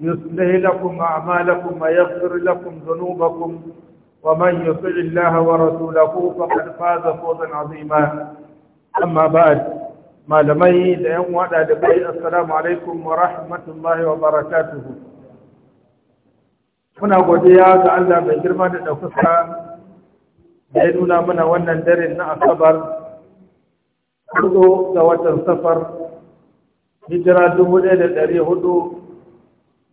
يصلح لكم أعمالكم ويغفر لكم ذنوبكم ومن يطع الله ورسوله فقد فاز فوزا عظيما أما بعد ما لمي لأن وعد دبي السلام عليكم ورحمة الله وبركاته muna godiya ga Allah mai girma da ɗaukaka da ya nuna mana wannan dare na asabar hudu ga watan safar hijira dubu ɗaya da ɗari hudu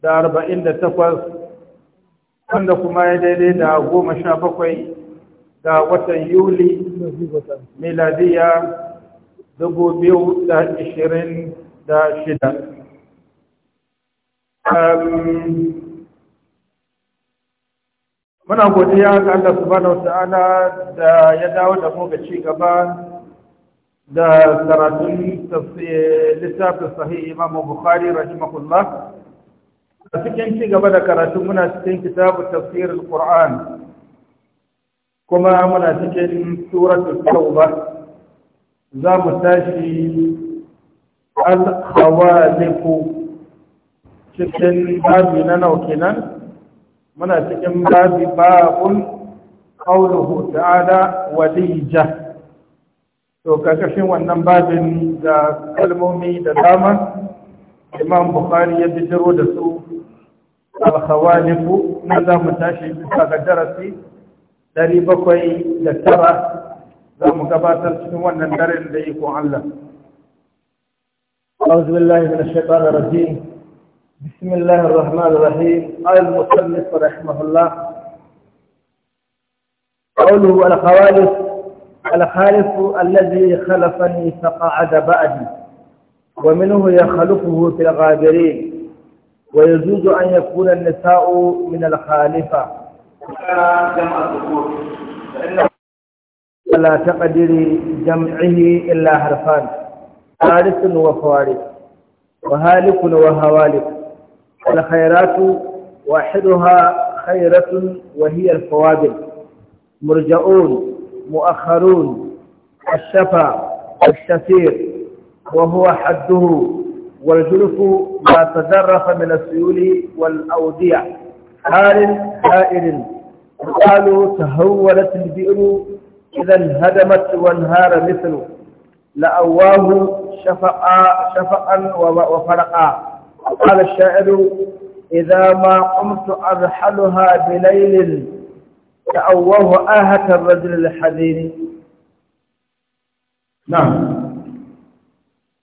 da arba'in da takwas wanda kuma ya daidai da goma sha bakwai ga watan yuli miladiya dubu biyu da ishirin da shida um, muna godiya ga Allah subhanahu Ta'ala da ya dawo da mu ga cigaba da karatun littafin sahih imam bukhari rahimahullah a cikin ci gaba da karatu muna cikin kitabu tafsir al-Qur'an kuma muna cikin suratul Tauba za mu tashi al-khawaliqu cikin babi na nau kenan muna cikin babi babun qawluhu ta'ala walija to kakashin wannan babin da kalmomi da dama imam bukhari ya bijiro da su الخوالف ماذا متاشي هذا درسي داري بكوي da tara za mu gabatar cikin wannan أعوذ بالله من الشيطان الرجيم بسم الله الرحمن الرحيم قال المصنف رحمه الله قوله الخوالف الخالف الذي خلفني فقعد بعدي ومنه يخلفه في الغابرين ويجوز أن يكون النساء من الخالفة لا تقدر جمعه إلا حرفان حارث وفوارث وهالك وهوالك الخيرات واحدها خيرة وهي الفوابل مرجعون مؤخرون الشفا الشفير وهو حده والجلف ما تجرف من السيول والأودية حال حائر قالوا تهولت البئر إذا انهدمت وانهار مثل لأواه شفقا شفقا وفرقا قال الشاعر إذا ما قمت أرحلها بليل تأواه آهة الرجل الحزين نعم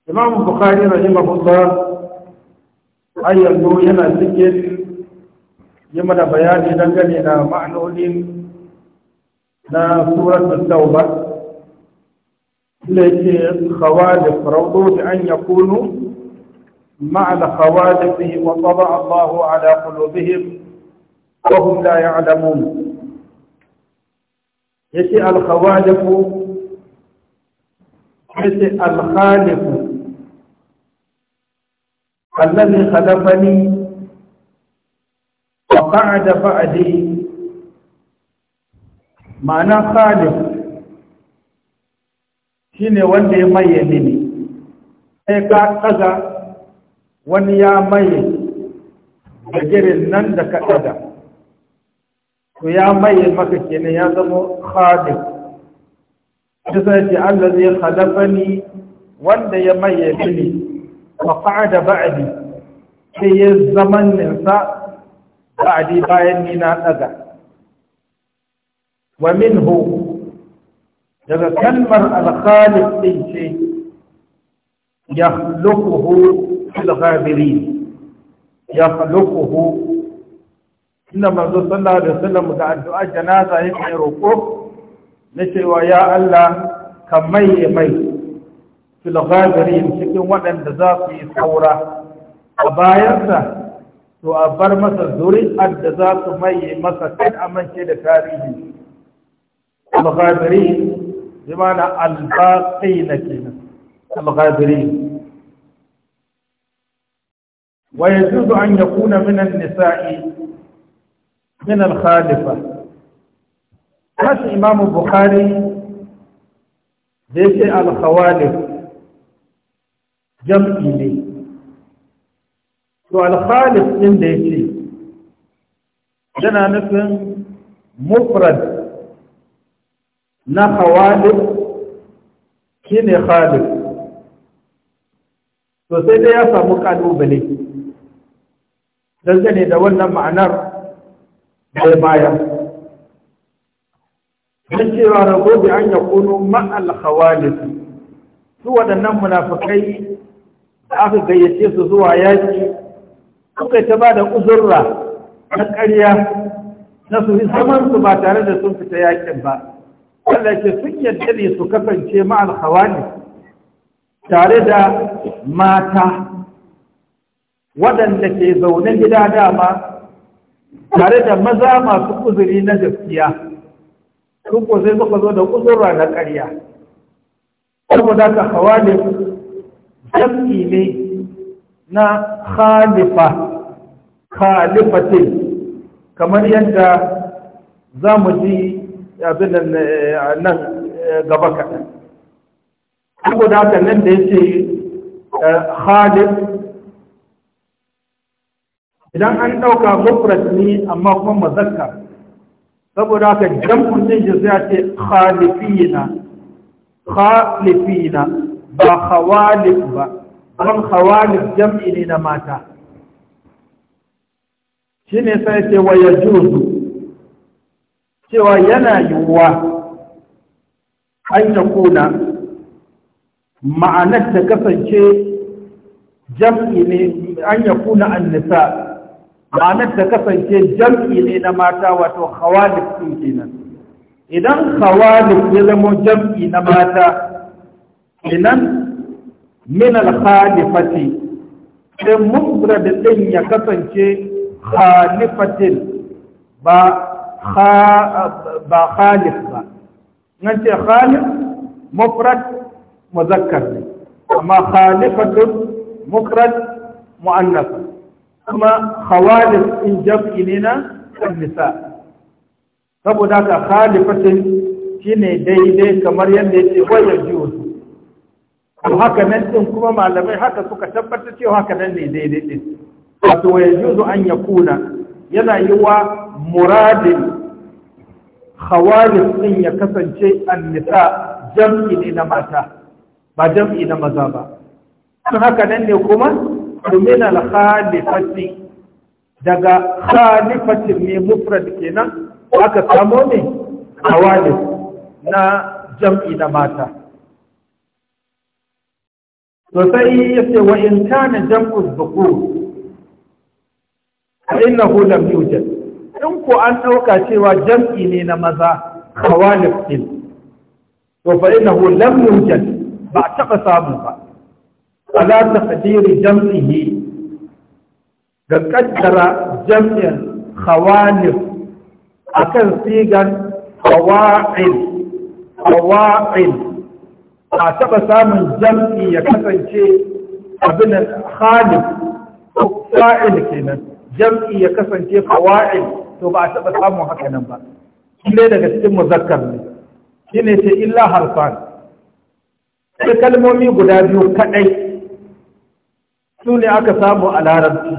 imam bukhari rahimahullah har yanzu yana cikin yi mana bayani dangane da ma'anonin na suratul tauba da yake khawadif rawdo da an yakunu مع الخوادف وطبع الله على قلوبهم وهم لا يعلمون يتي الخوادف يتي الخالف الذي خلفني وقعد بعدي معنى خالف shine wanda ya maye ne sai ka kaza wani ya maye da girin nan da ka kaza to ya maye maka kenan ya zama khalif ta sai ce Allah zai khalafani wanda ya maye ne faƙa da ba'adi sai ya zaman ninsa ba'adi bayan ni na ɗaga wa minhu daga kalmar alkhalif ɗin ce ya lukuhu filgabiri ya lukuhu inda manzo sallallahu alaihi wasallam da addu'a janaza yake roƙo na cewa ya Allah ka maye mai في الغابرين سكن وعن دزافي ثورة أبايرسا تو أبرمس الزوري الدزاف مي مسكين أمن شيد تاريخي الغابرين بمعنى الباقين كينا الغابرين ويجوز أن يكون من النساء من الخالفة هذا إمام البخاري ذكر الخوالف jam'i ne to alkhalis ɗin da yake yana nufin mufrad na shi ne khalif to sai dai ya samu kalubale dangane da wannan ma'anar bai baya don cewa rago bi an ya kuno ma'al su waɗannan munafukai da aka gayyace su zuwa yaƙi suka ta ba da uzurra na ƙarya na su yi zaman su ba tare da sun fita yaƙin ba Allah ce sun yadda ne su kasance ma'al hawani tare da mata waɗanda ke zaune gida dama tare da maza masu uzuri na gaskiya sun ko sai suka zo da uzurra na ƙarya saboda ka ne jam'i ne na khalifa khalifatin kamar yadda za mu ji abin nan eh, eh, gaba kaɗan saboda haka nan da ya ce eh, khalif idan an ɗauka mufrat ne amma kuma mazakkar saboda haka jam'un ɗin shi sai ce khalifina khalifina ba khawalif ba an khawalif jam'i ne na mata shi ne sai ce wa ya juzu cewa yana yiwuwa an ya kuna ma'anar ta kasance jam'i ne an ya kuna an nisa ma'anar ta kasance jam'i ne na mata wato khawalif sun kenan idan khawalif ya zama jam'i na mata inan min al-khalifati sai mufrad din ya kasance khalifatin ba ba khalif ba nan ce khalif mufrad muzakkar ne amma khalifatun mufrad muannas kuma khawalif in jam'i ne na nisa saboda ka khalifatin shine daidai kamar yadda yake wayar juz to haka nan din kuma malamai haka suka tabbatar cewa haka nan ne daidai din wato ya juzu an ya kuna yana yi wa muradin khawalis din ya kasance annisa jam'i ne na mata ba jam'i na maza ba don haka nan ne kuma domin al-khalifati daga khalifatin ne mufrad kenan aka samu ne khawalis na jam'i na mata to sai yace wa in kana jam'u dhukur fa innahu lam yujad in ko an dauka cewa jam'i ne na maza khawalif din to fa innahu lam yujad ba taba samu ba ala taqdiri jam'ihi ga kaddara jam'in khawalif akan sigan khawa'il khawa'il ba taɓa samun jam'i ya kasance abin khalif ko fa'il kenan jam'i ya kasance fawa'il to ba a taɓa samun haka nan ba kile daga cikin muzakkar ne shine ce illa harfan sai kalmomi guda biyu kaɗai. su ne aka samu a larabci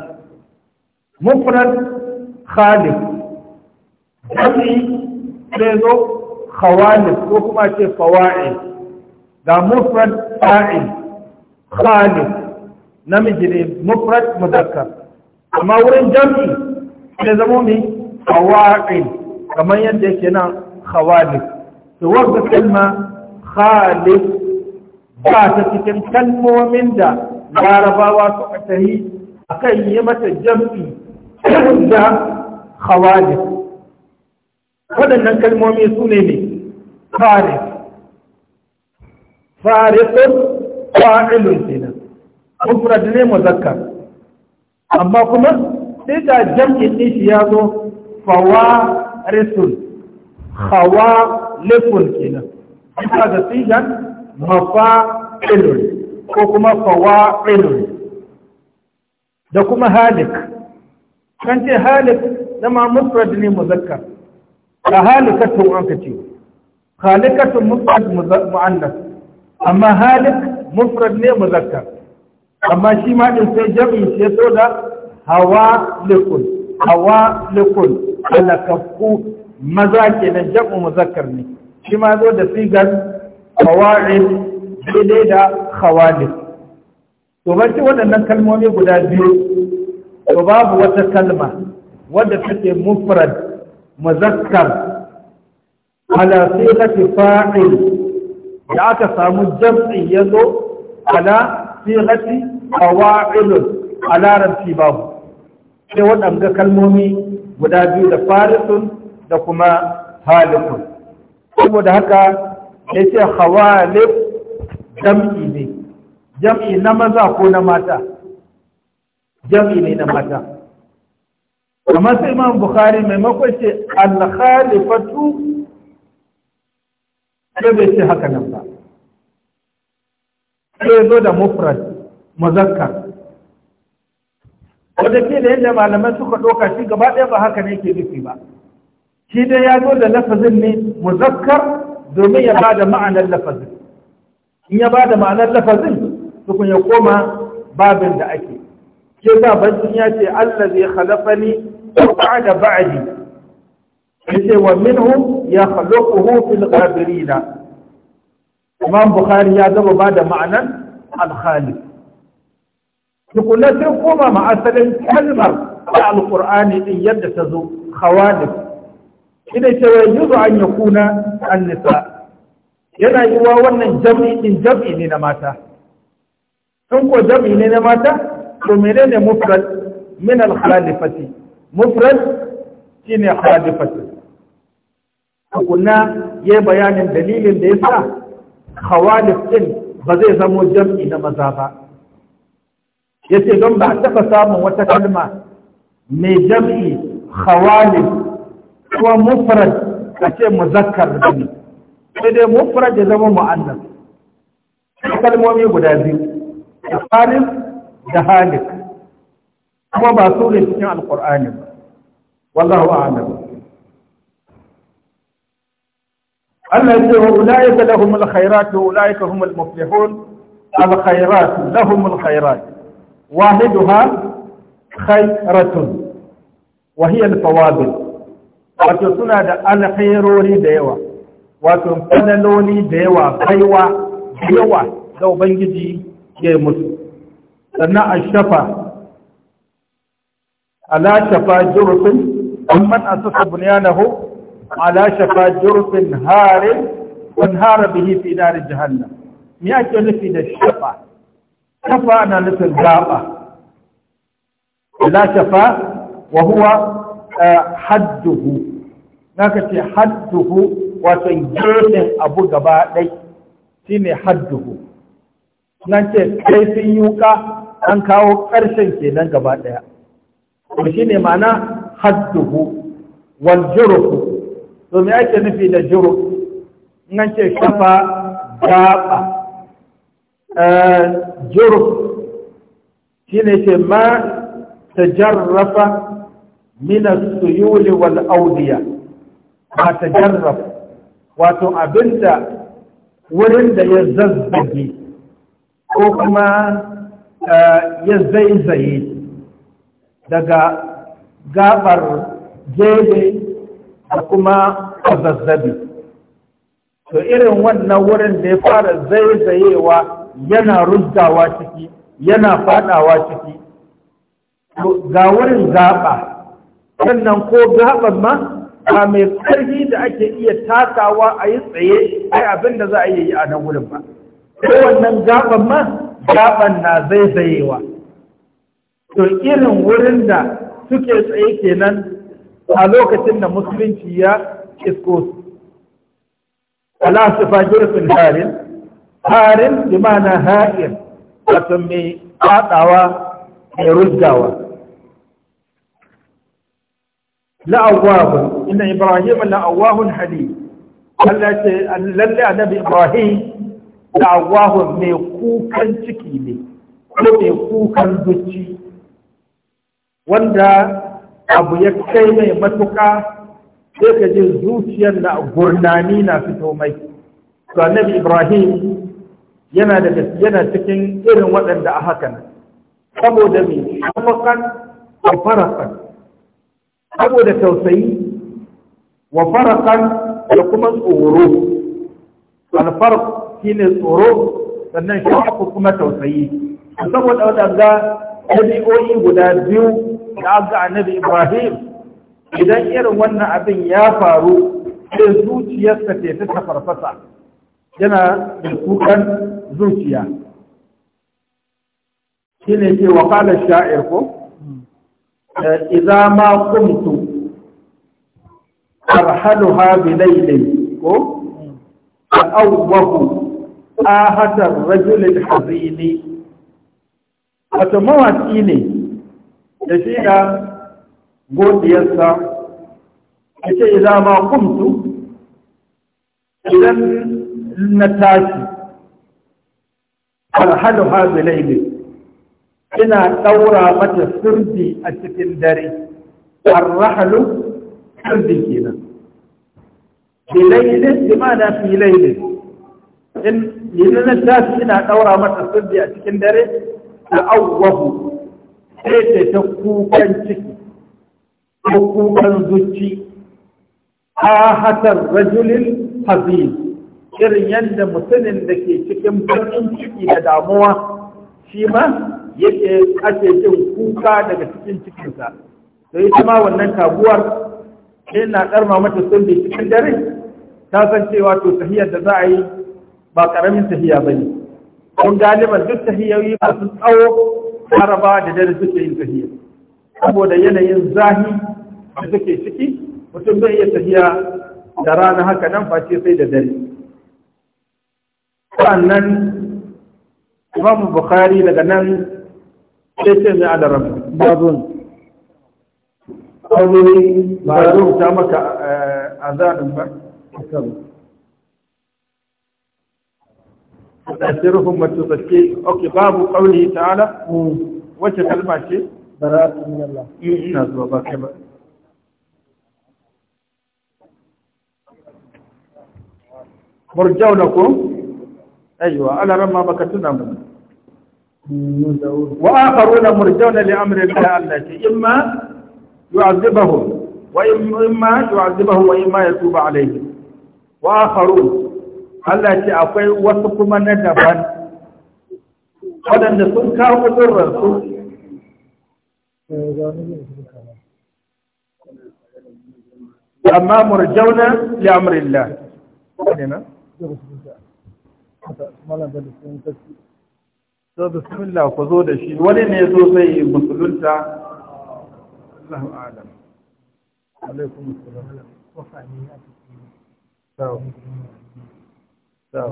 mufrad khalif jam'i sai zo khawalif ko kuma ce fawa'il ga mufrad fa'il khalid namiji ne mufrad mudakkar amma wurin jam'i ne zamo ne khawaqil kamar yadda yake nan khawalid to wanda kalma khalid ba ta cikin kalmomin da larabawa suka tahi akan yi mata jam'i da khawalid waɗannan kalmomi su ne ne khalid fariqun fa'ilun kenan mufrad ne muzakkar amma kuma sai da jam'in nishi ya zo fawarisun khawalifun kenan ita da sigan mafa'ilun ko kuma fawa'ilun da kuma halik kan ce halik zama mufrad ne muzakkar ka halikatun an ka ce halikatun mufrad muannas amma halik mufrad ne muzakkar amma shi ma din sai jam'i sai so da hawa likun hawa likul alakaffu maza kenan jam'u muzakkar ne shi ma zo da sigar qawaid daidai da khawalif to barci waɗannan kalmomi guda biyu to babu wata kalma wadda take mufrad muzakkar ala sifati fa'il da aka samu jam'i ya zo ala sihati fawa'ilun a larabci babu sai waɗanda kalmomi guda biyu da farisun da kuma halikun saboda haka ya ce hawalif jam'i ne jam'i na maza ko na mata jam'i ne na mata kamar sai imam bukhari maimakon ce alhalifatu sai bai ce haka nan ba sai zo da mufrad muzakkar wanda ke da yadda malamai suka ɗauka shi gaba ɗaya ba haka ne ke nufi ba shi dai ya zo da lafazin ne muzakkar domin ya ba da ma'anar lafazin in ya ba da ma'anar lafazin tukun ya koma babin da ake ke sa bancin ya ce allah zai halafani ko da ba'adi yace wa ya yakhluquhu fil ghabirina Imam Bukhari ya gaba ba da ma'anan al-khaliq tukunna sai koma ma asalin kalmar da al-Qur'ani din yadda ta zo khawaliq ina cewa yuzu an yakuna an-nisa yana yiwa wannan jam'i din jam'i ne na mata in ko jam'i ne na mata to menene mufrad min al-khalifati mufrad shine khalifati tukuna ya bayanin dalilin da ya sa khawalif ɗin ba zai zamo jam'i na maza ba ya ce don ba a taɓa samun wata kalma mai jam'i khawalif ko mufrad a ce muzakkar da ne sai dai mufrad ya zama mu'annas kalmomi guda biyu da halif da halik kuma ba su ne cikin alkur'ani ba wallahu a'lam الله يقول أولئك لهم الخيرات وأولئك هم المفلحون الخيرات لهم الخيرات واحدها خيرة وهي الفوابل وتصنع الخير لي ديوة وتنفذل لي ديوة بيوة بيوة لو بنجدي جيمس لأن الشفا ألا شفا جرس ومن أسس بنيانه ala shafa jurfin harin hara bihi fi narin jihannan me ake nufi da shafa shafa na nufin gaba ala shafa wa huwa hadduhu naka ce hadduhu wato jurfin abu gaba ɗai shine hadduhu nan ce kaifin yuka an kawo ƙarshen kenan gaba ɗaya to shine ma'ana hadduhu wal jurfu to me ake nufi da juru nan ce shafa gaba eh, juru shi ne ce ma ta jarrafa mina suyuli wal audiya ba ta jarrafa wato abinda wurin da ya zazzage ko kuma eh, ya zaizaye daga gabar jere da kuma zazzabi to irin wannan wurin da ya fara zaizayewa yana ruddawa ciki yana faɗawa ciki ga wurin gaɓa, sannan ko gaban ma ba mai ƙarfi da ake iya takawa a yi tsaye ai abin da za a yi a nan wurin ba wannan gaban ma gaban na zaizayewa to irin wurin da suke tsaye kenan a lokacin da musulunci ya isko su ala su fajirfin harin harin bi mana ha'ir wato mai fadawa mai rujjawa la'awwahun inda ibrahim la'awwahun hali lalle annabi ibrahim la'awwahun mai kukan ciki ne ko mai kukan zuci wanda abu ya kai mai matuka sai ka ji zuciyar da gurnani na fito mai to annabi ibrahim yana daga yana cikin irin waɗanda a hakan saboda mai shafakan wa farakan saboda tausayi wa farakan da kuma tsoro alfarq shine tsoro sannan shafaku kuma tausayi saboda wadanda ɗabi'o'i guda biyu da aka annabi Ibrahim idan irin wannan abin ya faru sai zuciyarsa ce ta farfasa, yana da kukan zuciya shine ne wa wakalar sha'ir ko idza ma kuntu arhaluha bilailin ko awwahu ahatar rajulin hazini wato mawaki ne da shi da godiyarsa a ce za ma kumtu idan na tashi alhalu ha bilaili ina ɗaura mata sirdi a cikin dare arrahalu sirdi kenan bilaili imana fi laili in yi na tashi ina ɗaura mata sirdi a cikin dare da awwahu sai ta ta kukan ciki ko kukan zuci a hatar rajulin irin yadda mutumin da ke cikin farin ciki da damuwa shi ma yake ake jin kuka daga cikin cikinsa to ita ma wannan kaguwar na karma mata sulbi cikin dare ta san cewa to tahiyar da za a yi ba karamin tahiya ba ne kun galiban duk tahiyoyi masu tsawo haraba da dare suke yin tafiya saboda yanayin zahi da suke ciki mutum zai iya tafiya da rana haka nan face sai da dare sannan imam bukhari daga nan sai ce mai alarama babun aure ba ta maka eh, azanin ba تأثرهم وتزكيهم اوكي باب قوله تعالى وش كلمه شيء براءة من الله نعم بابا كما مرجونكم ايوه على رمى بكتنا من واخرون مرجون لامر الله التي اما يعذبهم واما يعذبهم واما يتوب عليهم واخرون Allah ce akwai wasu kuma na daban waɗanda sun kawo zurrarsu amma murjauna li amrillah kenan so bismillah ku zo da shi wani ne zo sai musulunta Allahu a'lam alaikum assalam wa fa'ani sawa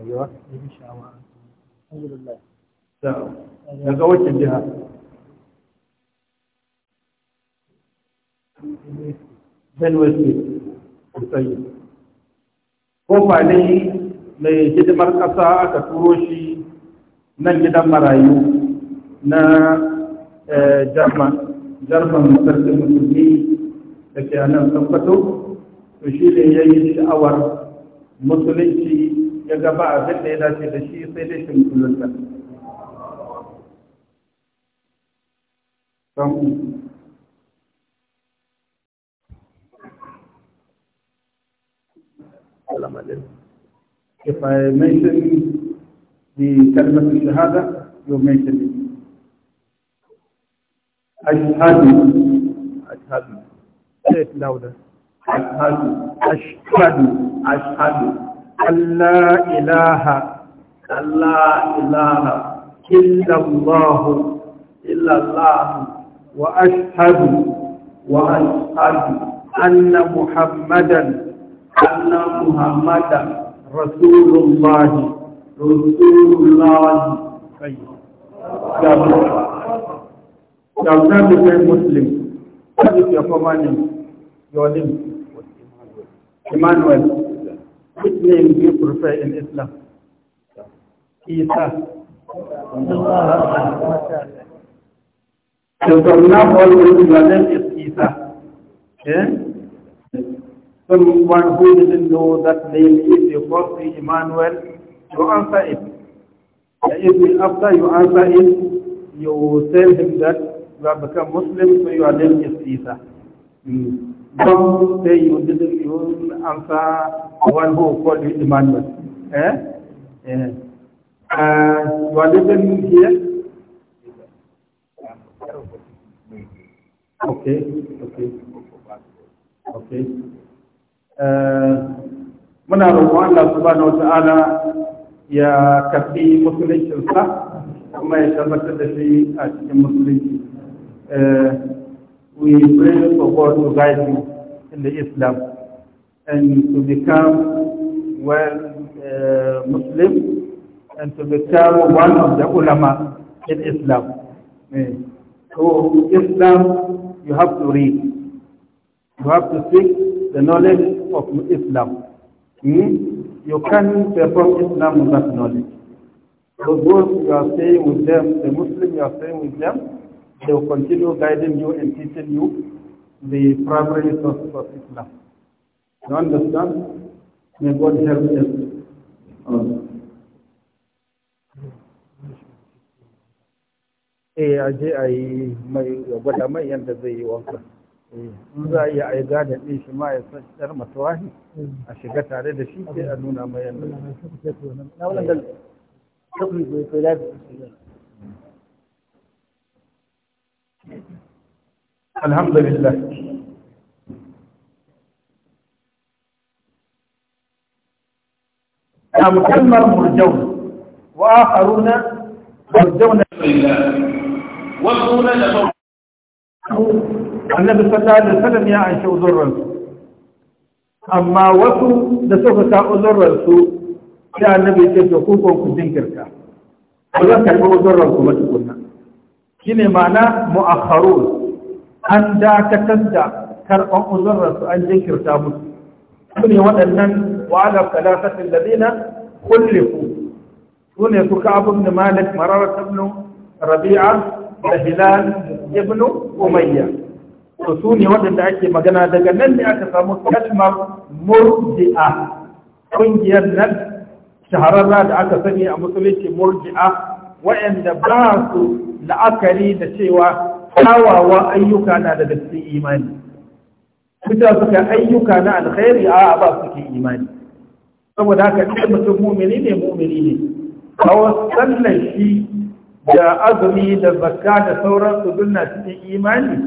ayyuwa alhamdulillah sawa daga wacce Ko mai hidimar ƙasa aka turo shi nan gidan marayu na jarman eh, sarkin musulmi da ke nan tabbato to shi ne ya yi sha'awar musulunci ya gaba abin da ya dace da shi sai dai shi musulunta If I mention the shahada, you mention it. Ashhadu. Ashhadu. Say it louder. أشهد أشهد أشهد أن لا إله أن لا إله إلا الله إلا الله وأشهد وأشهد أن محمدا أن محمدا رسول الله رسول الله Your name is a Muslim. What is your command name? Your name. Emmanuel. Which name do you prefer in Islam? Isa. So from now on, your name is Isa. Yeah? Someone who does not know that name, is you call the Emmanuel, you answer it. If after you answer it, you tell him that you have become Muslim, so your name is Isa. Mm. Some say you will one called eh? eh? Uh, you are listening here? Okay, okay, okay. Uh, muna roƙon Allah subhanahu wata'ala ya karɓi musuluncinsa kuma ya tabbatar da shi a cikin musulunci. Eh, we pray for God to guide you in the Islam and to become well uh, Muslim and to become one of the ulama in Islam. So Islam, you have to read. You have to seek the knowledge of Islam. Hmm? You can perform Islam without knowledge. So those you are staying with them, the Muslim you are staying with them, they will continue guiding you and teaching you the primary sources of Islam. You understand? May God help us. Eh, a je a yi mai gwada mai yadda zai yi wanka. Eh, in za a yi a yi gadon ɗin shi ma ya tsar matawahi a shiga tare da shi sai a nuna mai yadda. Na wannan da alhamdulillah am kalmar murjaun wa akharuna murjauna lillah wa qulna lahu annabi sallallahu alaihi wasallam ya ansha uzurran amma wasu da suka ka uzurran su sai annabi ya ce ku ko ku jinkirta ba shine mana mu'akharun an dakatar da karban uzurarsu an jinkirta musu su ne waɗannan wa'ala talatatin da zina ku? su ne su da malik mararar tabnu rabi'a da hilal ibn umayya to su ne waɗanda ake magana daga nan ne aka samu kalmar murji'a Kungiyar nan shahararra da aka sani a musulunci murji'a wa'anda ba su la'akari da cewa kawawa ayyuka na da cikin imani kuta suka ayyuka na alkhairi a ba suke imani saboda haka ɗin mutum mumini ne mumini ne wasu sannan shi da azumi da zakka da sauran su dunna cikin imani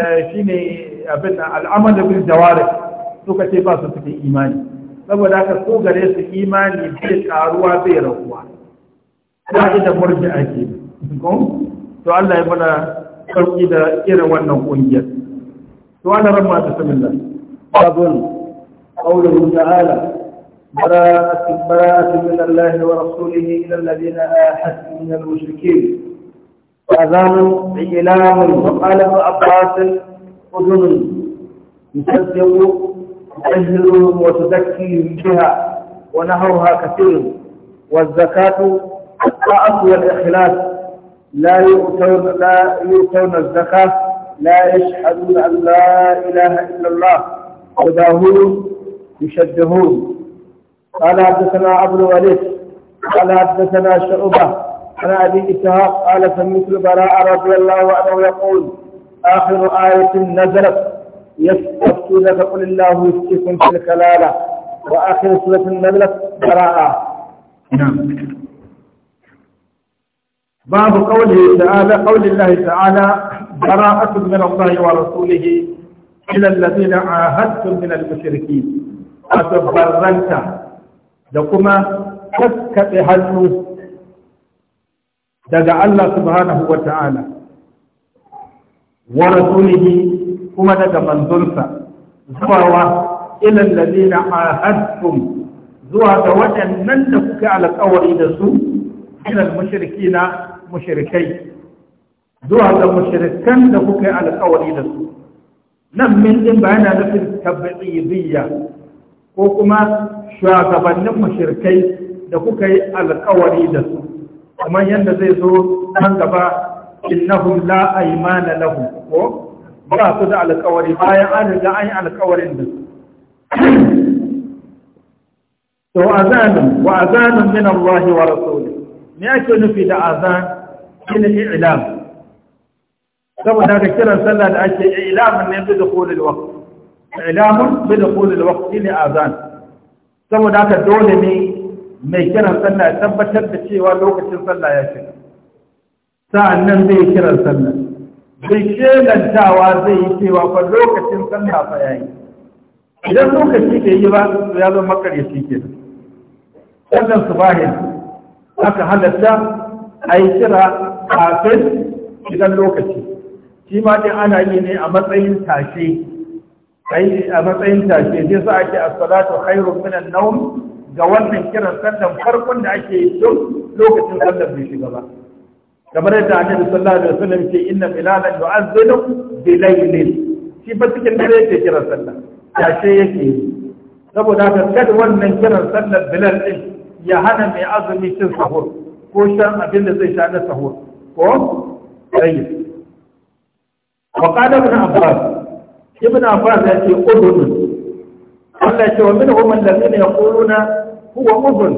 eh, shine abin al'amal bil jawarih suka ce ba su cikin imani saboda haka su gare su imani bai karuwa bai raguwa ba da murji ake to Allah ya mana sauki da irin wannan kungiyar to ana ramma ta samin babun qawluhu ta'ala براءة براءة من الله ورسوله إلى الذين آحدوا من المشركين أذان إعلام وقال ابن عباس أذن يصدق تجهلهم وتزكيهم بها ونهرها كثير والزكاة أصل الإخلاص لا يؤتون لا يؤتون الزكاة لا يشهدون أن لا إله إلا الله وداهون يشدهون قال حدثنا عبد الوليد قال حدثنا شعبة عن أبي إسحاق قال سمعت البراء رضي الله عنه يقول آخر آية نزلت يستفتونك قل الله يفتيكم في الكلالة وآخر سورة نزلت براءة نعم باب قوله تعالى قول الله تعالى براءة من الله ورسوله إلى الذين عاهدتم من المشركين وتبرنت لكما تسكت هنو دقى الله سبحانه وتعالى ورسوله كما دقى من ذلك زوا إلى الذين عاهدتم زوا دوجا من تفكى على الأول إلى سوء إلى المشركين mushrikai zuwa ga mushrikan da kuka yi alƙawari da su nan min din ba yana nufin tabbidiyya ko kuma shugabannin mushrikai da kuka yi alƙawari da su kamar yadda zai zo nan gaba innahum la aymana lahum ko ba su da alƙawari bayan an riga an yi alƙawarin da su to azanin wa azanin min Allah wa rasuli ne ake nufi da azan shine i'lam saboda ga kiran sallah da ake i'lamun ne bi dukhulil waqt i'lamun bi dukhulil waqt shine azan saboda haka dole ne mai kiran sallah ya tabbatar da cewa lokacin sallah ya shiga sa'annan zai kiran sallah zai shelantawa zai yi cewa fa lokacin sallah fa yayi idan lokaci bai yi ba ya zo makaryaci kenan sallan subahin aka halatta a yi kira kafin idan lokaci shi ma ɗin ana yi ne a matsayin tashe a matsayin tashe sai sa ake a salatu hairu minan nawm ga wannan kiran sallan farkon da ake yi tun lokacin sallar bai shiga ba kamar yadda da sallah da wasallam ce inna bilalan yu'azzinu bilaylin shi ba cikin dare yake kiran sannan. tashe yake yi saboda haka kada wannan kiran sannan bilal din ya hana mai azumi cin sahur ko shan abin da zai sha na sahur ko tsayi wa qala ibn abbas ibn abbas ya ce udhun Allah ce wa minhum alladhina yaquluna huwa udhun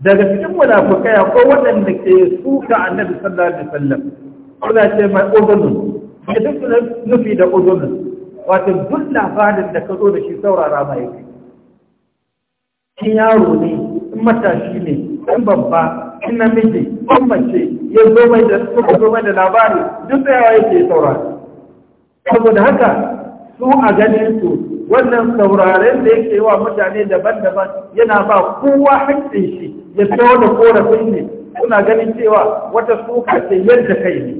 daga cikin munafikai akwai waɗanda ke suka annabi sallallahu alaihi wasallam suna ce mai udhun ne duk nufi da udhun wato duk labarin da ka zo da shi saurara mai kai in yaro ne in matashi ne in babba in namiji in mace ya zo mai da suka zo mai da labari duk tsayawa yake saurari saboda haka su a ganin su wannan sauraren da yake wa mutane daban-daban yana ba kowa haƙƙin shi ya fito da korafin ne suna ganin cewa wata suka ce yadda kai ne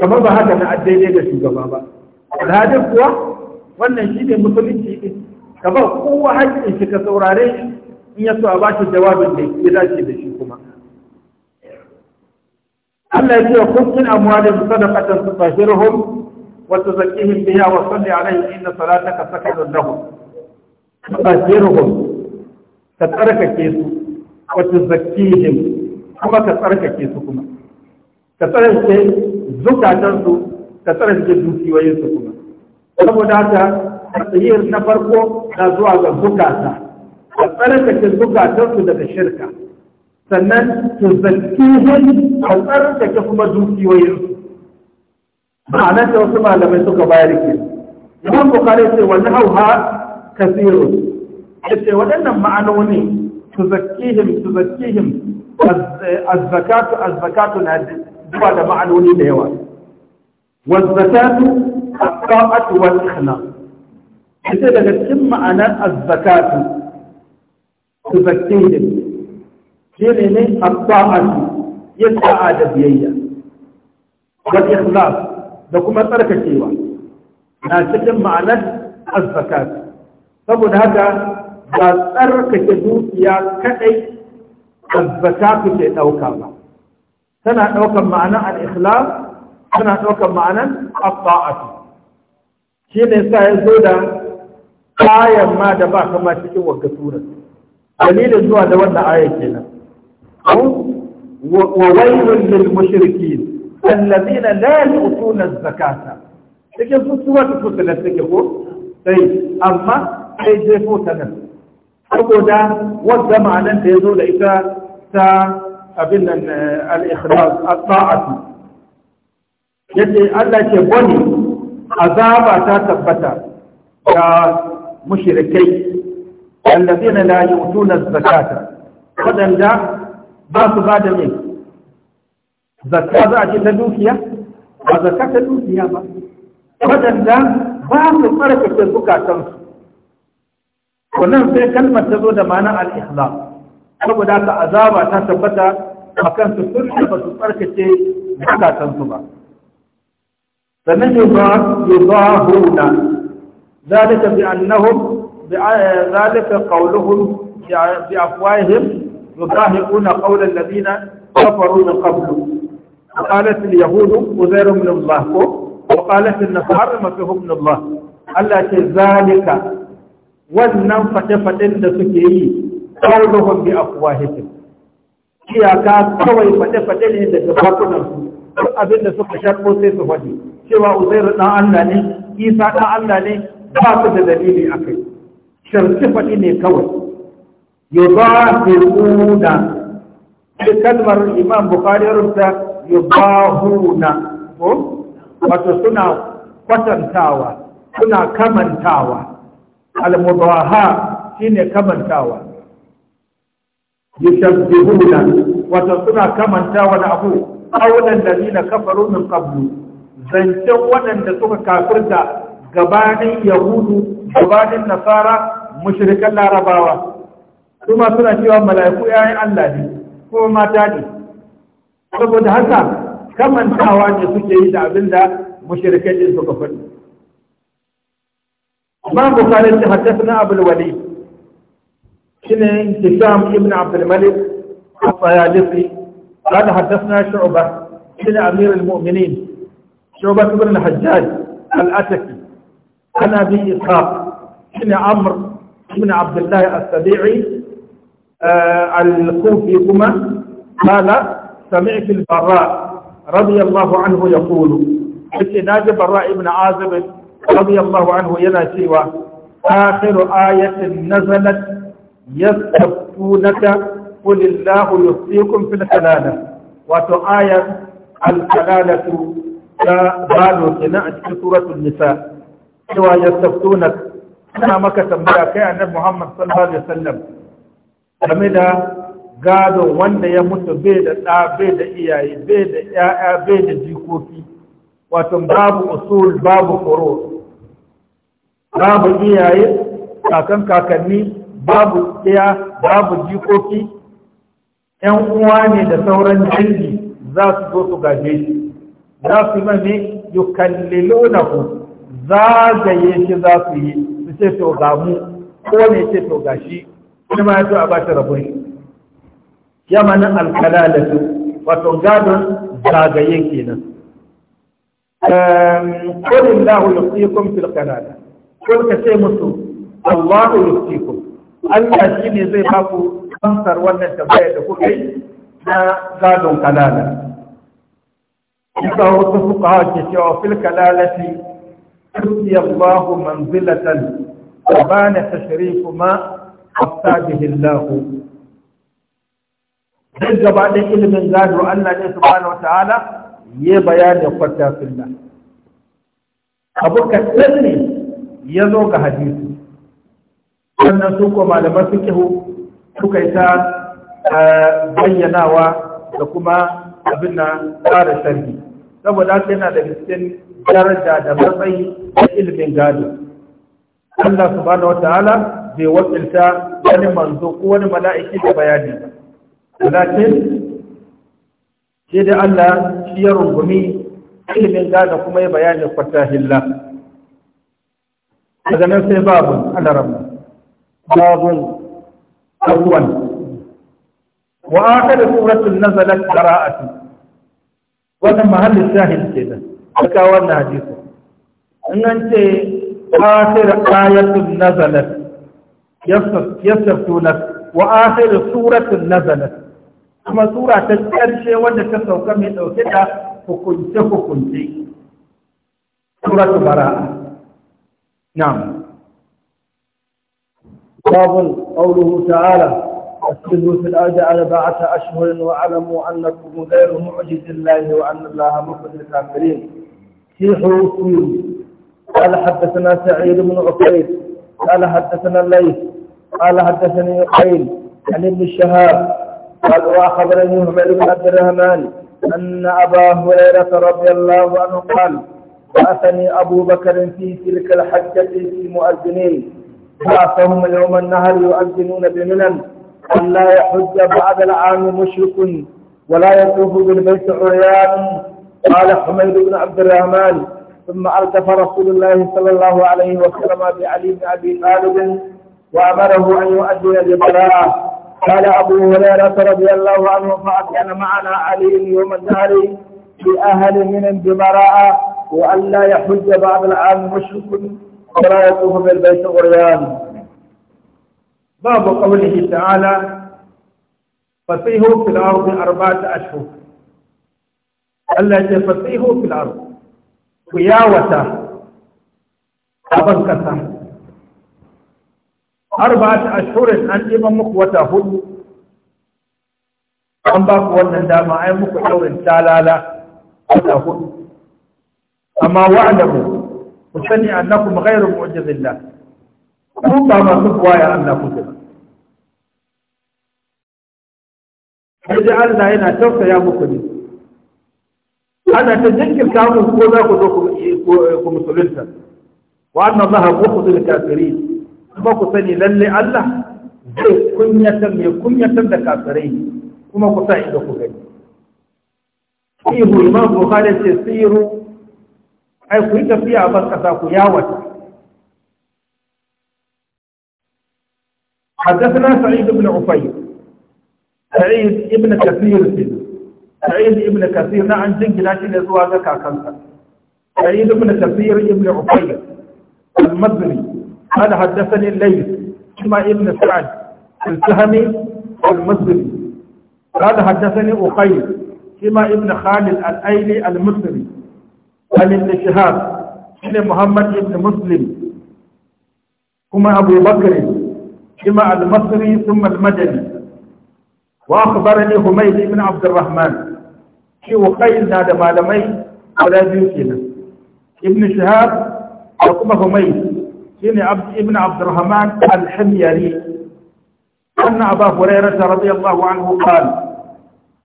kamar ba haka na daidai da shugaba ba alhadin kuwa wannan shi ne musulunci ɗin ka ba kowa haƙƙin shi ka saurare shi in ya so a ba shi jawabin da ya dace da shi kuma Allah ya ce wa kullin amwalin sadaqatan tutahhiruhum wa tuzakkihim biha wa salli alaihim inna salataka sakanun lahum tutahhiruhum ka tsarkake su wa tuzakkihim kuma ka tsarkake su kuma ka tsarkake zukatansu ka tsarkake dukiyoyinsu kuma saboda haka tasir na farko na zuwa ga zukata a tsarkake zukatansu daga shirka sannan su zakihin a tsarkake kuma dukiyoyinsu ma'anar ta wasu malamai suka bayar ke imam bukari ce wani hauha kasirun ya ce waɗannan ma'anoni su zakihim su zakihim azzakatu azzakatu na zuwa da ma'anoni da yawa wazzakatu as-sa'atu wal ikhlas ita daga cikin ma'anar azzakatu su zakke da shi ne ne abba'atu ya sa'a da biyayya da ikhlas da kuma tsarkakewa na cikin ma'anar azzakatu saboda haka ba tsarkake dukiya kadai azzakatu ke dauka ba tana daukan ma'anar al-ikhlas tana daukan ma'anar abba'atu shi ne sa ya zo da kayan ma da ba kama cikin wagga sura dalilin zuwa da wannan ayar kenan wa wailun lil mushrikin alladhina la yu'tuna az-zakata cikin su ta da take ko sai amma sai je ko ta nan saboda wadda ma'anan da yazo da ita ta abin nan eh, al-ikhlas at-ta'ati yace Allah ke bani azaba ta tabbata ga mushrikai allazina la yu'tuna zakata wadanda ba su ba da mai zakka za a ce ta dukiya ba zakka ta dukiya ba wadanda ba su tsarkake su wannan sai kalmar ta zo da ma'ana al-ikhlas saboda ka azaba ta tabbata akan su sun ba su tsarkake su ba sannan yuzahuna ذلك بأنهم ذلك قولهم بأفواههم يضاهقون قول الذين كفروا من قبل وقالت اليهود وزير من الله وقالت النصارى فيهم من الله Allah ce zalika wannan fate da suke yi ƙaunuhun bi afuwahitin iyaka kawai fate faɗe ne daga bakunansu duk abin da suka sharko sai su faɗi cewa uzairu ɗan Allah ne isa ɗan Allah ne ba su da dalili a kai sharci faɗi ne kawai yubahiruna sai kalmar imam bukari rubuta yubahuna ko wato suna kwatantawa suna kamantawa al-mubaha shine kamantawa yushabbihuna wato suna kamantawa da abu qawlan ladina kafaru min qablu zancen waɗanda suka kafirta gabanin yahudu gabanin nasara mushrikan larabawa kuma suna cewa mala'iku yayin Allah ne kuma mata ne saboda haka kamantawa ne suke yi da abin da mushrikan din suka faɗi amma bukari ta haddasa na abul wali shine hisham ibn abdul malik al-sayalisi قال حدثنا شعبة إلى أمير المؤمنين شعبة بن الحجاج الأتكي عن أبي إسحاق بن عمرو بن عبد الله السبيعي آه الكوفي كما قال سمعت البراء رضي الله عنه يقول استناج براء بن عازب رضي الله عنه ينا سوى آخر آية نزلت يستفتونك قل الله يفتيكم في الحلالة وتؤايه الحلالة قالوا سنة في سورة النساء cewa na ana maka tambaya kai annabi Muhammad sallallahu alaihi wasallam game da gado wanda ya mutu bai da ɗa bai da iyaye bai da ƴaƴa bai da jikoki wato babu usul babu furu babu iyaye kakan kakanni babu iya, babu jikoki ƴan uwa ne da sauran dangi za su zo su gaje shi za su yi mai ku. zagaye shi za su yi su ce to ga mu ko ne ce to ga shi wani ma yato a bashi rabu shi yamanin alkalalatu wato gadon zagaye kenan kodin ehm, lahu yusikum fil kalala ko ka ce musu Allahu yusikum Allah shi ne zai baku amsar wannan tambayar da kuka yi na gadon kalala. Ibrahim wasu ke cewa fil kalalati رضي الله منزلة وبان تشريف ما أفتى به الله duk gaba ɗin ilimin gado Allah ne subhanahu wa ta'ala ya bayanin kwata filla abu kaɗan ne ya zo ga hadisi wannan su ko malaman fikihu suka ta bayyanawa da kuma abin na ƙara sharhi saboda haka yana da cikin daraja da matsayi da ilimin gado Allah subhanahu wataala bai wakilta wani manzo ko wani mala'iki da bayani ba lakin sai da Allah shi ya rungumi ilimin gado kuma ya bayani fatahillah A nan sai babun alaram babun abuwan wa akhir suratul nazalat qira'atu wannan mahallin shahid kenan ta kawo wannan hadisi in an ce akhir ayatun nazalat yasaftuna wa akhir suratun nazalat kuma sura ta ƙarshe wanda ta sauka mai ɗauke da hukunce-hukunce suratu bara'a na'am babun qawluhu ta'ala أسلوا في الأرض أربعة أشهر وأعلموا أنكم غير معجز الله وأن الله مخرج الكافرين في حوثين قال حدثنا سعيد بن عقيل قال حدثنا الليث قال حدثني عقيل عن ابن الشهاب قال واخبرني عمر بن عبد الرحمن ان ابا هريره رضي الله عنه قال بعثني ابو بكر في تلك الحجه في مؤذنين بعثهم يوم النهر يؤذنون بمنن ان لا يحج بعد العام مشرك ولا يطوف بالبيت عريان قال حميد بن عبد الرحمن ثم ألتف رسول الله صلى الله عليه وسلم بعلي بن أبي طالب وأمره أن يؤذن ببراءة قال أبو هريرة رضي الله عنه فأكان معنا علي يوم النهر بأهل من ببراءة وألا يحج بعد العام مشرك ولا يطوف بالبيت عريان باب قوله تعالى فسيحوا في الأرض أربعة أشهر التي تصيه في الأرض قياوة أبنكتا أربعة أشهر أن إمام مقوته أن باقوة نداما أي مقوة إنسالالا أده أما وعده وشني أنكم غير معجز الله كوبا ما تقوايا أنكم جدا فجعلنا هنا شوف يا مقوة ana ta jinkirta mu ko za ku zo ku musulunta wa anna allaha mukhzil kafirin kuma ku sani lalle Allah zai kunyatar ya kunyatar da kafirai kuma ku sa ido ku gani ihu imam bukhari ce siru ai ku yi tafiya a ban kasa ku yawata حدثنا سعيد بن عفير سعيد ابن كثير السنة سعيد ابن كثير نعم an jingina shi ne zuwa سعيد kakansa كثير ibn kasir ibn ufayl قال حدثني الليث كما ابن سعد السهمي المصري قال حدثني أخير كما ابن خالد الأيلي المصري عن ابن شهاب ابن محمد ابن مسلم كما أبو بكر كما المصري ثم المدني وأخبرني حميد بن عبد الرحمن shehu qayyim na da malamai guda biyu kenan ibn shahab da kuma humay shine ibn abdurrahman al-himyari anna abu hurairah radiyallahu anhu qala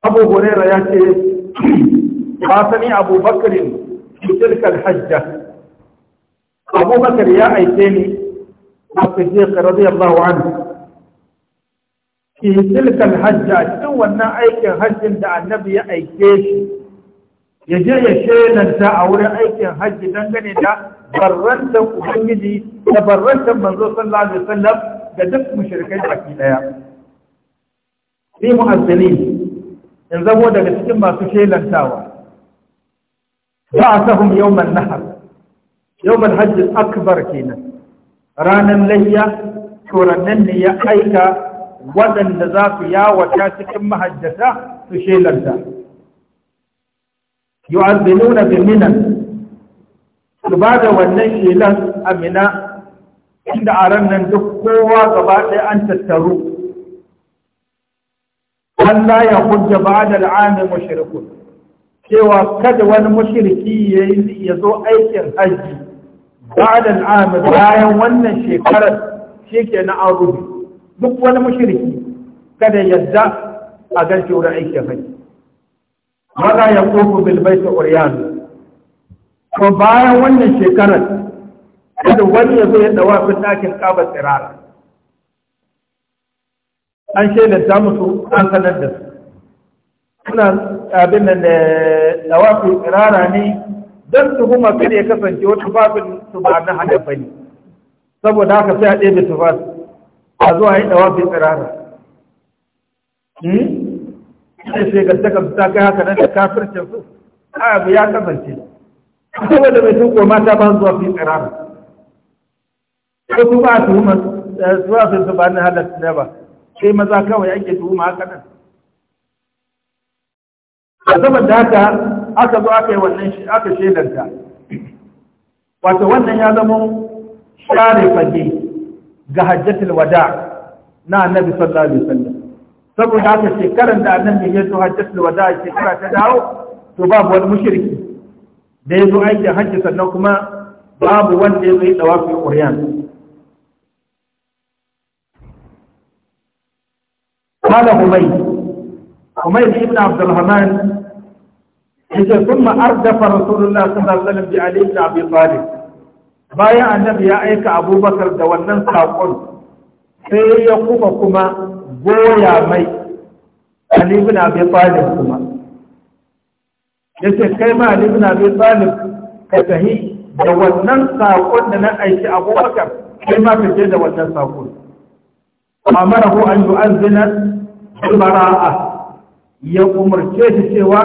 abu hurairah yace fatani abu bakr fi tilka al-hajja abu bakr ya aike ni a siddiq radiyallahu anhu في تلك الحجة سوى أن أيك حج دع النبي أيكش يجي شيئا دع أول أيك حج دعنا دع برنت وحمدي تبرنت من رسول الله صلى الله عليه وسلم قدك مشركين حكينا يا في مؤذنين إن ذا ودى لتكما تشيلا تاوى بعثهم يوم النحر يوم الحج الأكبر كينا رانا ليا كورا ننيا أيكا waɗanda za su yawata cikin mahajjata su shelarta yu'azzinuna nuna minan su ba da wannan shelan amina inda a ran nan duk kowa gaba ɗaya an tattaru Allah ya hujja ba da al'amin mushrikun cewa kada wani mushriki ya zo aikin hajji ba da bayan wannan shekarar shi ke na arubi duk wani mushriki kada ya yadda a gan shi wurin aiki mai maza ya kofu ta uriyanu ko bayan wannan shekarar kada wani ya zo ya dawa fi ɗakin kaba tsirara an shaidanta musu an sanar da su suna abin da dawa eh, fi tsirara ne don su kuma kada ya kasance wata babin su ba na hada bane saboda haka sai a ɗebe su a zuwa yi ɗawafin tsirara hmm? sai shekartaka ta kai haka nan da kafircin su abu ya kamance. Saboda da mai koma mata ba zuwa fi tsirara ko su ba tuhuma zuwa su eh, su ba ni halatta ne ba sai maza kawai ake tuhuma haka nan a saman da haka aka zo aka yi wannan shi aka shaidanta. wato wannan ya zama share fage ga hajjatul wada na annabi sallallahu alaihi wasallam saboda haka shekaran da annabi ya zo hajjatul wada shekara ta dawo to babu wani mushriki da ya zo aikin hajji sannan kuma babu wanda ya zo yi tawafin ƙuryan kala humay humay ibn abd alrahman yace kuma ardafa rasulullah sallallahu alaihi wasallam bi ali ibn abi talib bayan annabi ya aika abubakar da wannan saƙon sai ya kuma kuma goya mai alibin abin tsalib kuma ya ce kai ma alibin abin tsalib ka tahi da wannan saƙon da na aiki abubakar kai ma ka je da wannan saƙon amarahu an yi an zina a, ya umarce shi cewa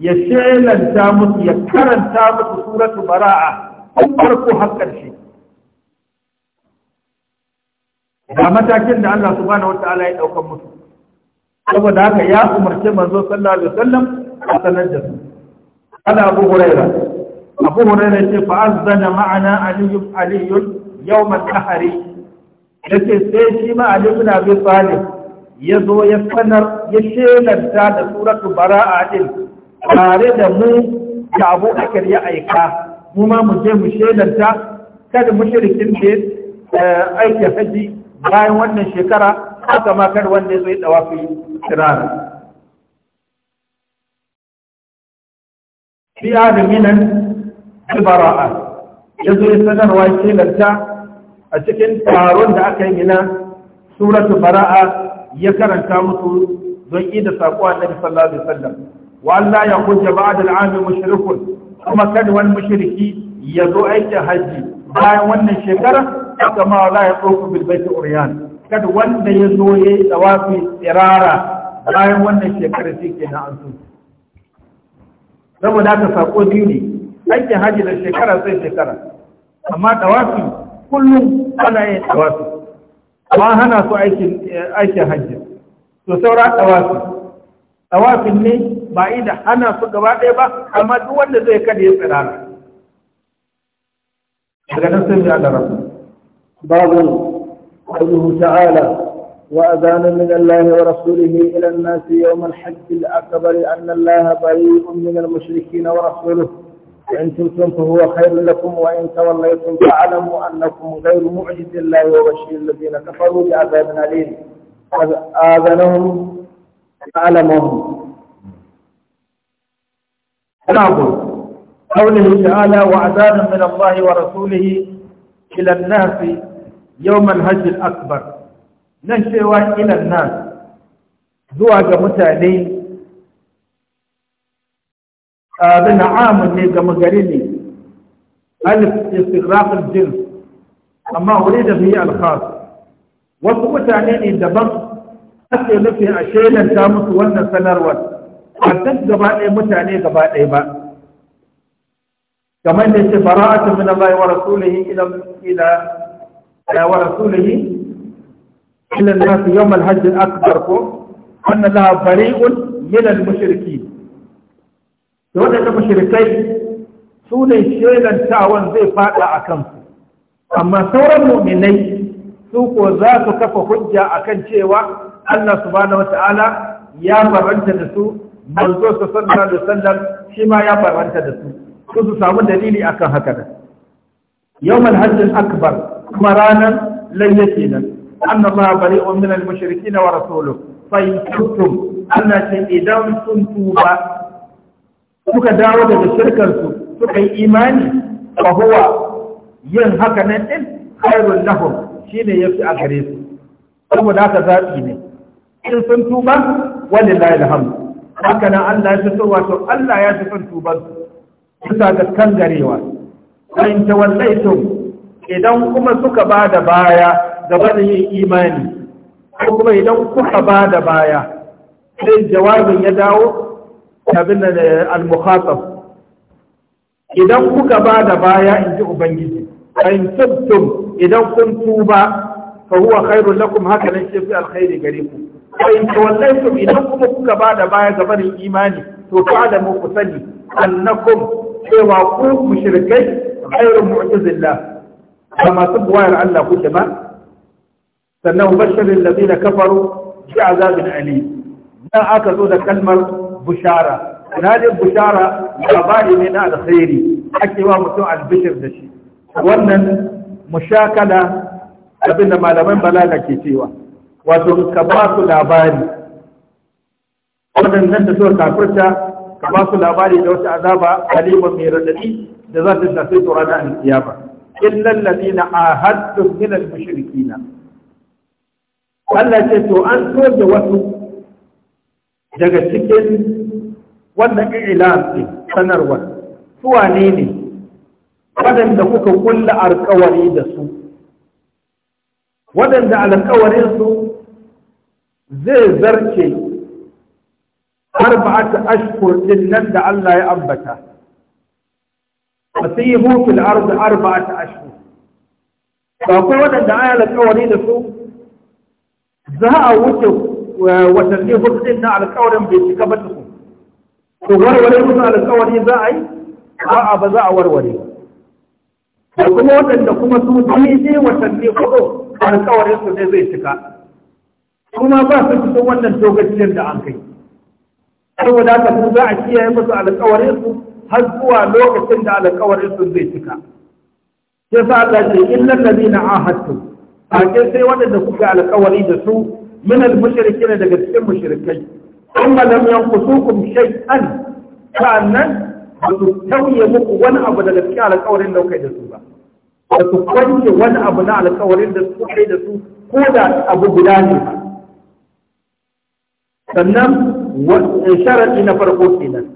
ya shelanta musu ya karanta musu suratu bara'a an farko har ƙarshe ga matakin da Allah subhanahu wata'ala ya ɗaukar musu saboda haka ya umarce manzo sallallahu alaihi wasallam a sanar da su kada abu huraira abu huraira ce fa azzana ma'ana aliyu aliyu yawmal ahari yace sai shi ma aliyu ibn abi talib ya zo ya sanar ya shelar da suratu bara'a din tare da mu da abu akar ya aika mu ma mu je mu shelanta kada mushrikin da eh, aikin haji bayan wannan shekara haka ma kar wanda ya zo ya dawafi kirara fi adaminan albara'a ya zo ya sanarwa shelanta a cikin taron da aka yi mina suratu bara'a ya karanta musu don ida saƙo annabi sallallahu alaihi wasallam wa Allah ya hujja ba'da al'ami mushrikun kuma kada wani mushriki ya zo aikin hajji bayan wannan shekara aka ma la ya tsoku bil baiti uryan kada wanda ya zo ya yi tsawafi tsirara bayan wannan shekara shi ke na ansu saboda ka sako biyu ne aikin hajji da shekara sai shekara amma tawafi kullum ana yin tawafi amma hana su aikin eh, aikin hajji to saura tawafi tsawafin ne ba inda hana su gaba ɗaya ba amma duk wanda zai kada ya tsira ne daga nan sai ya dara babu Allah ta'ala wa adhan min Allah wa rasulih ila an-nas yawm al-hajj al-akbar an Allah bari'un min al-mushrikin wa rasuluh وإن تمتم فهو خير لكم وإن توليتم فاعلموا أنكم غير معجز الله وبشر الذين كفروا بعذاب أليم قد آذنهم فأعلمهم تعبد قوله تعالى وعذابا من الله ورسوله الى الناس يوم الحج الاكبر نشوى الى الناس ذو جمتاني ابن عام من جمغريني الف استغراق الجنس اما اريد به الخاص وسكت عنيني دبر حتى نفي اشيلا تامس ونسى نروت ba san gaba ɗaya mutane gaba ɗaya ba kamar da ce bara'atu min Allah wa rasulihi ila ila wa rasulihi ila nas yawm al-hajj al-akbar ko anna laha bari'un min al-mushriki to wadanda mushrikai su ne shelantawan zai fada a kansu amma sauran mu'minai su ko za su kafa hujja a kan cewa Allah subhanahu wata'ala ya faranta da su manzo su sallallahu alaihi wasallam shi ma ya faranta da su su su samu dalili akan haka da yawmal hajj akbar kuma ranar layyace nan annallaha bari'un min al-mushrikeen wa rasuluhu fa in kuntum Allah ce idan sun tuba suka dawo daga shirkar su suka yi imani fa huwa yin haka nan din khairul lahum shine yafi a gare su saboda haka zabi ne in sun tuba walillahi alhamdu haka nan Allah ya fito wato Allah ya fito tuban bisa ga kangarewa in tawallaitum idan kuma suka ba da baya gaba da yin imani ko kuma idan kuka ba da baya sai jawabin ya dawo abin da al-mukhatab idan kuka ba da baya in ji ubangiji in tubtum idan kun tuba fa huwa khairul lakum haka nan shi fi alkhairi gare ku in tawallaitum idan kuma kuka ba da baya ga barin imani to mu ku sani annakum cewa ku mushrikai ghairu mu'tazillah ba masu buwayar Allah ku ba sannan bashar ladina kafaru bi azabin ali dan aka zo da kalmar bushara nadi bushara labari ne na alkhairi ake wa mutum albishir da shi wannan mushakala abinda malaman balala ke cewa wato ka ba su labari waɗannan da suka kafirta ka ba su labari da wata azaba alima mai raɗaɗi da za ta shafi su ranar alkiyama illal ladina ahadtum min al mushrikina Allah ce to an soke wasu daga cikin wannan ilan sanarwa su wane ne waɗanda kuka kulla alƙawari da su waɗanda alkawarinsu zai zarce arba'ata ashhur din nan da Allah ya ambata fasihu fil ardi arba'ata ashhur ba kai wadanda aya alƙawari da su za a wuce watanni hudu din na alƙawarin bai cika ba tukun to warware musu alƙawari za a yi a'a ba za a warware ba da kuma waɗanda kuma su daidai watanni hudu alkawarin su ne zai cika kuma ba su cikin wannan dogaciyar da an kai saboda haka su za a kiyaye musu alƙawarin su har zuwa lokacin da alƙawarin su zai cika sai sa Allah ce illal ladina ahadtu a ke sai wanda kuka alƙawari da su min al-mushrikin daga cikin mushrikai kuma lam yanqusukum shay'an sa'annan ba su tauye muku wani abu daga cikin alƙawarin da kai da su ba ba su kwanke wani abu na alƙawarin da su kai da su ko da abu guda ne ba sannan eh, sharaɗi na farko kenan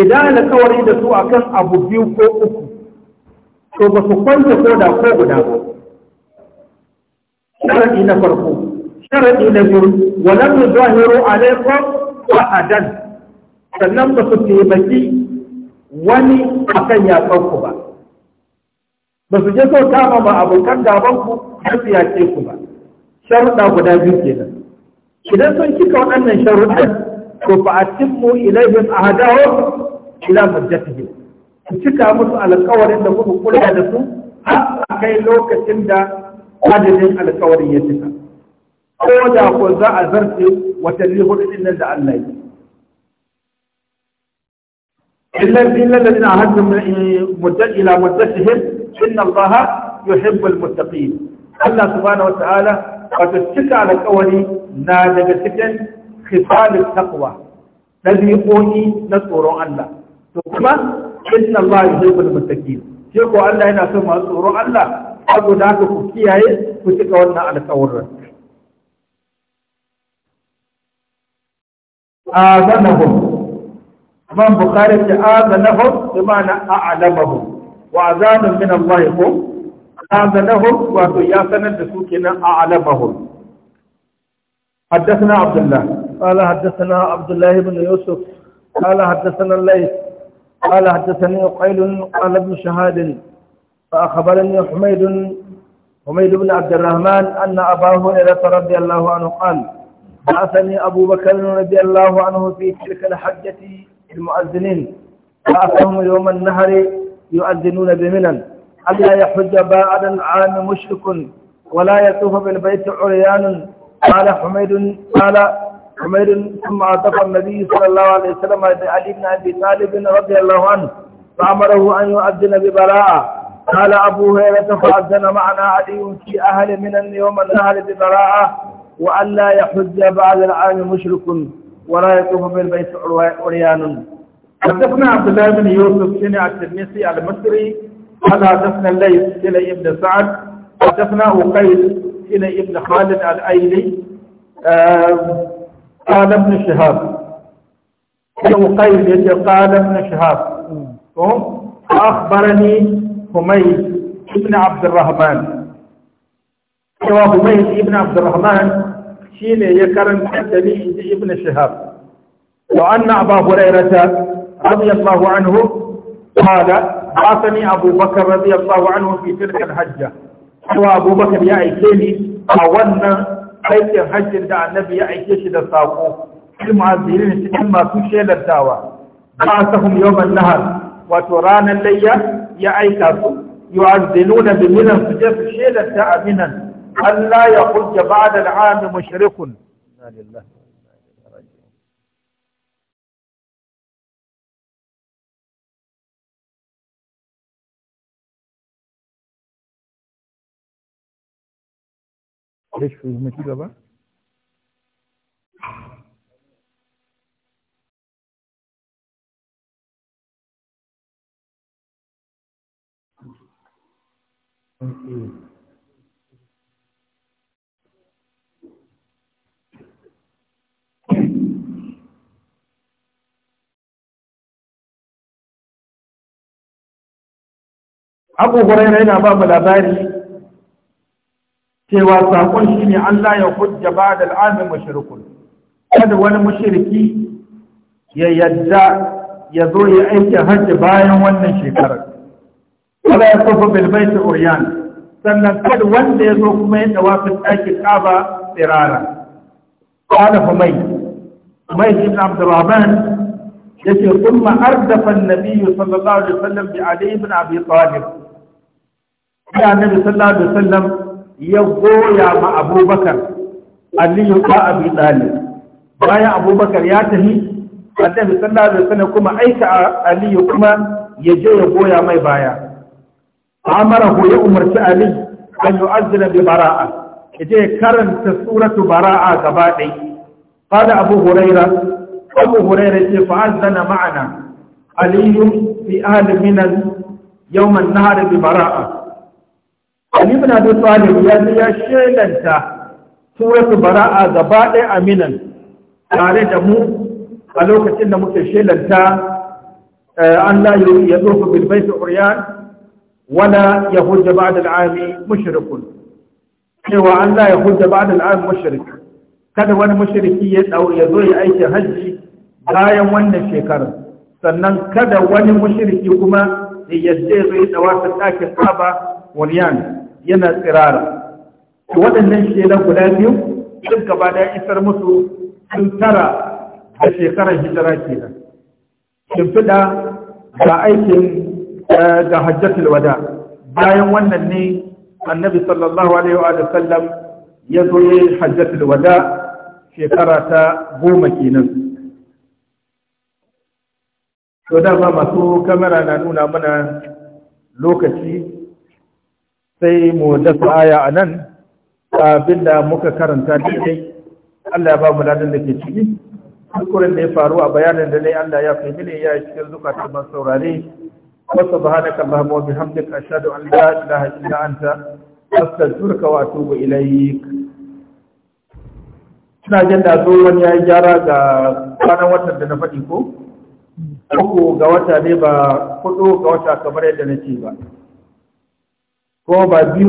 idan alƙawari da su akan abu biyu ko uku to ba su kwanta ko da ko guda ba sharaɗi na farko sharaɗi na biyu walam yuzahiru a dan? sannan ba su taimaki wani akan yaƙanku ba ba su je so kama ba abokan gabanku har su yaƙe ku ba sharaɗa guda biyu kenan idan sun cika waɗannan sharuɗan to fa atimmu ilaihim ahdahu ila mujtahid ku cika musu alƙawarin da kuka kula da su har a kai lokacin da adadin alƙawarin ya cika ko da ko za a zarce watanni hudu din nan da Allah ya إلا إلا الذين عهدتم مدة إلى مدتهم إن الله يحب المتقين الله سبحانه وتعالى wato cika alƙawari na daga cikin khisalin taqwa dabi'o'i na tsoron Allah to kuma inna Allah yuhibbul muttaqin shi ko Allah yana son masu tsoron Allah ko da haka ku kiyaye ku cika wannan alƙawarin azanahum imam bukhari ta azanahum bi ma'ana a'lamahum wa azanun min Allah ko آذنهم واتو ياسنا لسوكنا أعلمهم حدثنا عبد الله قال حدثنا عبد الله بن يوسف قال حدثنا الليث قال حدثني قيل قال ابن شهاد فأخبرني حميد حميد بن عبد الرحمن أن أباه هريرة رضي الله عنه قال بعثني أبو بكر رضي الله عنه في تلك الحجة المؤذنين بعثهم يوم النهر يؤذنون بمنن ألا يحج بعد العام مشرك ولا يطوف بالبيت عريان قال حميد قال حميد ثم عطف النبي صلى الله عليه وسلم علي بن أبي طالب رضي الله عنه فأمره أن يؤذن ببراءة قال أبو هريرة فأذن معنا علي في أهل من يوم الأهل ببراءة وأن لا يحج بعد العام مشرك ولا يطوف بالبيت عريان حدثنا عبد الله بن يوسف بن الترمذي المصري قال حدثنا الليث الى ابن سعد حدثنا وقيل الى ابن خالد الايلي قال ابن شهاب وقيل قال ابن شهاب فاخبرني حميد بن عبد الرحمن هو حميد بن عبد الرحمن شين يكرم حتى ابن شهاب وان ابا هريره رضي الله عنه قال basani abubakar radiyallahu anhu fi tilkal hajja cewa abubakar ya aike ni a wannan aikin hajjin da annabi ya aike shi da sako ilma zirin cikin masu shelantawa ba sa hum yawman nahar wato ranar layya ya aika su yu'azziluna bi minan su je su shelanta a minan Allah ya hujja ba'da al'am mushrikun da shi mu ci abu yana ba mu labari cewa saƙon shi ne Allah ya hujja ba da al'amin mashirikun kada wani mashiriki ya yadda ya zo ya aiki hajji bayan wannan shekarar kada ya sofa bilbaita oriyan sannan kada wanda ya zo kuma ya dawa su ɗaki ƙaba tsirara ƙada fa mai mai shi ibn abdurrahman ya ce kuma ardafan nabiyyu sallallahu alaihi wasallam bi ali ibn abi talib ya nabi sallallahu alaihi wasallam ya goya ma abubakar aliyu ba abi ɗalib bayan abubakar ya tafi annabi sallallahu alaihi wasallam kuma aika aliyu kuma ya je ya goya mai baya amarahu ya umarci ali an yu'azzina bi bara'a ya je karanta suratu bara'a gaba ɗai fada abu huraira abu huraira ce fa'azana ma'ana aliyu fi ahli minan yawm nahar bi bara'a Ali bin Abi Talib ya ya shelanta suratul bara'a gaba ɗaya aminan tare da mu a lokacin da muke shelanta eh, Allah ya tsofa bil baiti uryan wala hujja ba'da al'ami mushrikun cewa Allah ya hujja ba'da al'ami mushrik kada wani mushriki ya dau ya zo ya aiki hajji bayan wannan shekarar sannan kada wani mushriki kuma ya je zo dawo dawa ɗakin Kaaba waliyan yana tsirara waɗannan shela guda biyu sun gaba da isar musu sun tara a shekarar hijira kenan shimfiɗa ga aikin eh, ga hajjatul wada bayan wannan ne annabi sallallahu alaihi wa sallam ya zo yi hajjatul wada shekara ta goma kenan to dama masu kamera na nuna mana lokaci sai mu dasa aya a nan abin da muka karanta daidai Allah ya ba mu ladan da ke ciki dukkanin da ya faru a bayanin da dai Allah ya fi mini ya yi cikin zukatar masu saurare kan subhanaka allahumma hamdik a shaɗu an la ilaha illa anta turka wa atubu ilayi suna jin da zo wani ya yi gyara ga kwanan watan da na faɗi ko uku ga wata ne ba hudu ga wata kamar yadda na ce ba kọ́ o bí